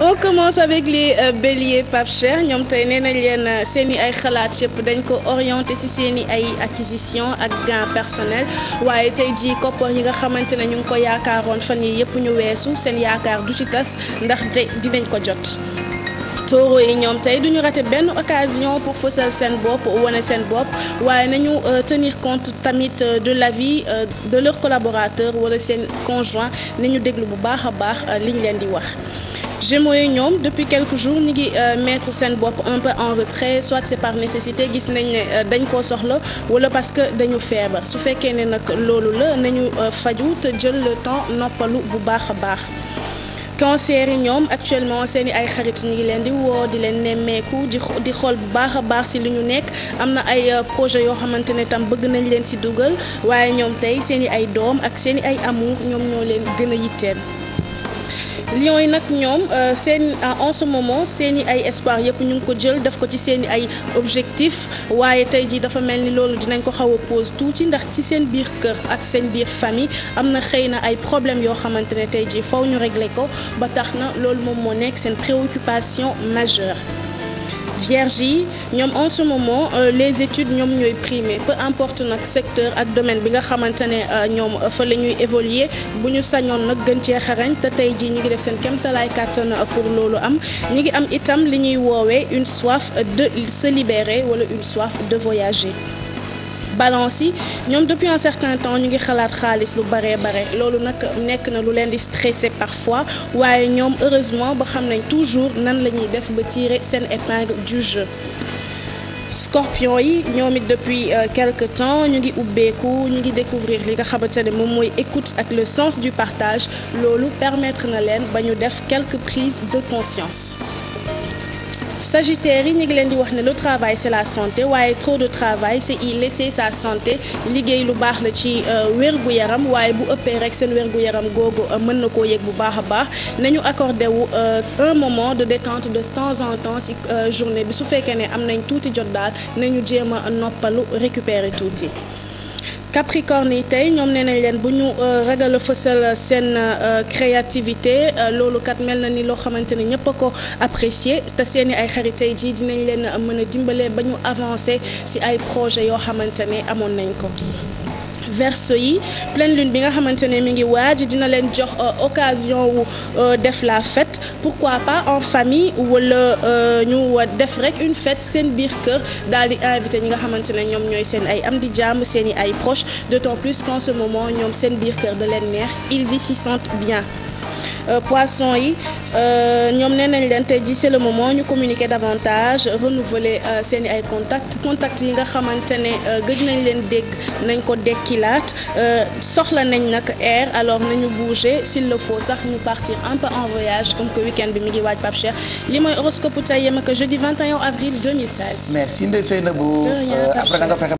on commence avec les euh, béliers Pape Cheikh ñoom tey nee nañ leen euh, seeni ay xalaat yëpp dañ ko orienté si seen i ay acquisition ak gain personnel waaye tey jii koppar yi nga xamante ne ñu ngi ko yaakaaroon fan yi yëpp ñu weesu seen yaakaar du ci tas ndax te dinañ ko jot. taureau yi ñoom tey duñu raté benn occasion pour fësal seen bopp wane seen bopp waaye nañu euh, tenir compte tamit de la l'avis de leurs collaborateurs wala seen conjoint nañu déglu bu baax a baax liñ leen di wax. Gémeaux yi ñoom depuis quelque jours ñu ngi euh, mettre seen bopp un peu en retrait soit c'est par nécessité gis nañ ne euh, dañ koo soxla wala parce que dañu feebar su fekkee ne nag loolu la nañu euh, faju te jël le temps noppalu bu baax a baax. cancer yi ñoom actuellement seen i ay xarit ñu ngi leen di woo di leen nemmeeku di di xool bu baax a baax si li ñu nekk am na ay projet yoo xamante ne tam bëgg nañ leen si dugal waaye ñoom tey seen i ay doom ak seen i ay amour ñoom ñoo leen gën a yitteel. lions yi nag ñoom euh, seen euh, en ce moment seen i ay espoir yëpp ñu ngi ko jël def ko ci seen i ay objectif waaye tey jii dafa mel ni loolu dinañ ko xaw a pause tuuti ndax ci seen biir kër ak seen biir famille am na xëy na ay problème yoo xamante ne tey jii faw ñu régler ko ba tax na loolu moom moo nekk seen préoccupation majeure vierge yi ñoom en ce moment euh, les études ñoom ñooy primé peu importe nag secteur ak domaine bi nga xamante ne euh, ñoom euh, fa la ñuy évoluer bu ñu sañoon nag gën cee xarañ te tey jii ñu ngi def seen kéemtalaay kàttan pour loolu am ñu ngi am itam li ñuy woowee une soif de se libérer wala une soif de voyager. balance yi ñoom depuis un certain temps ñu ngi xalaat xaalis lu bare bare loolu nag nekk na lu leen di stressé parfois waaye ñoom heureusement ba xam nañ toujours nan la ñuy def ba tirer seen épingle du jeu. scorpion yi ñoom it depuis euh, quelque temps ñu ngi ubbeeku ñu ngi découvrir li nga xamante ne moom mooy écoute ak le sens du partage loolu permettre na leen ba ñu def quelque prises de conscience. sagittaire yi ñu ngi leen di wax ne le travail c'est la santé waaye trop de travail c'est y laisser sa santé liggéey lu baax la ci euh, wérgu yaram waaye bu ëppee rek seen wérgu yaram googu euh, mën na koo yëg bu baax a baax nañu accordé wu euh, un moment de détente de temps en temps ci journée bi su fekkee ne am nañ tuuti jot daal nañu jéem a noppalu récupérer tuuti. Capricorne yi tey ñoom nee nañ leen bu ñu euh, ragal a fësal seen euh, créativité euh, loolu kat mel na ni loo xamante ne ñëpp a ko apprécier te seen i ay xarit tey jii dinañ leen mën a dimbale ba ñu avancer ci ay projet yoo xamante ne amoon nañ ko. verse yi pleine lune bi nga xamante ne mi ngi waaj dina leen jox euh, occasion wu euh, def la fête pourquoi pas en famille wala euh, ñu def rek une fête seen biir kër daal di invité ñi nga xamante ne ñoom ñooy seen ay am di jàmm seen i ay proches d'autant plus qu'en ce moment ñoom seen biir kër da leen neex ils y s'y sentent bien Euh, poisson yi euh, ñoom neen nañ leen tey ji c'est le moment ñu communiquer davantage renouveler euh, seen i ay contact contact yi nga xamante ne gëj nañ leen dégg nañ ko dekkilaat soxla nañ nag air alors nañu bouger s'il le faut sax ñu partir un peu en voyage comme que week-end bi mi ngi waaj Pape Cheikh li mooy horoscope tey yem ak jeudi avril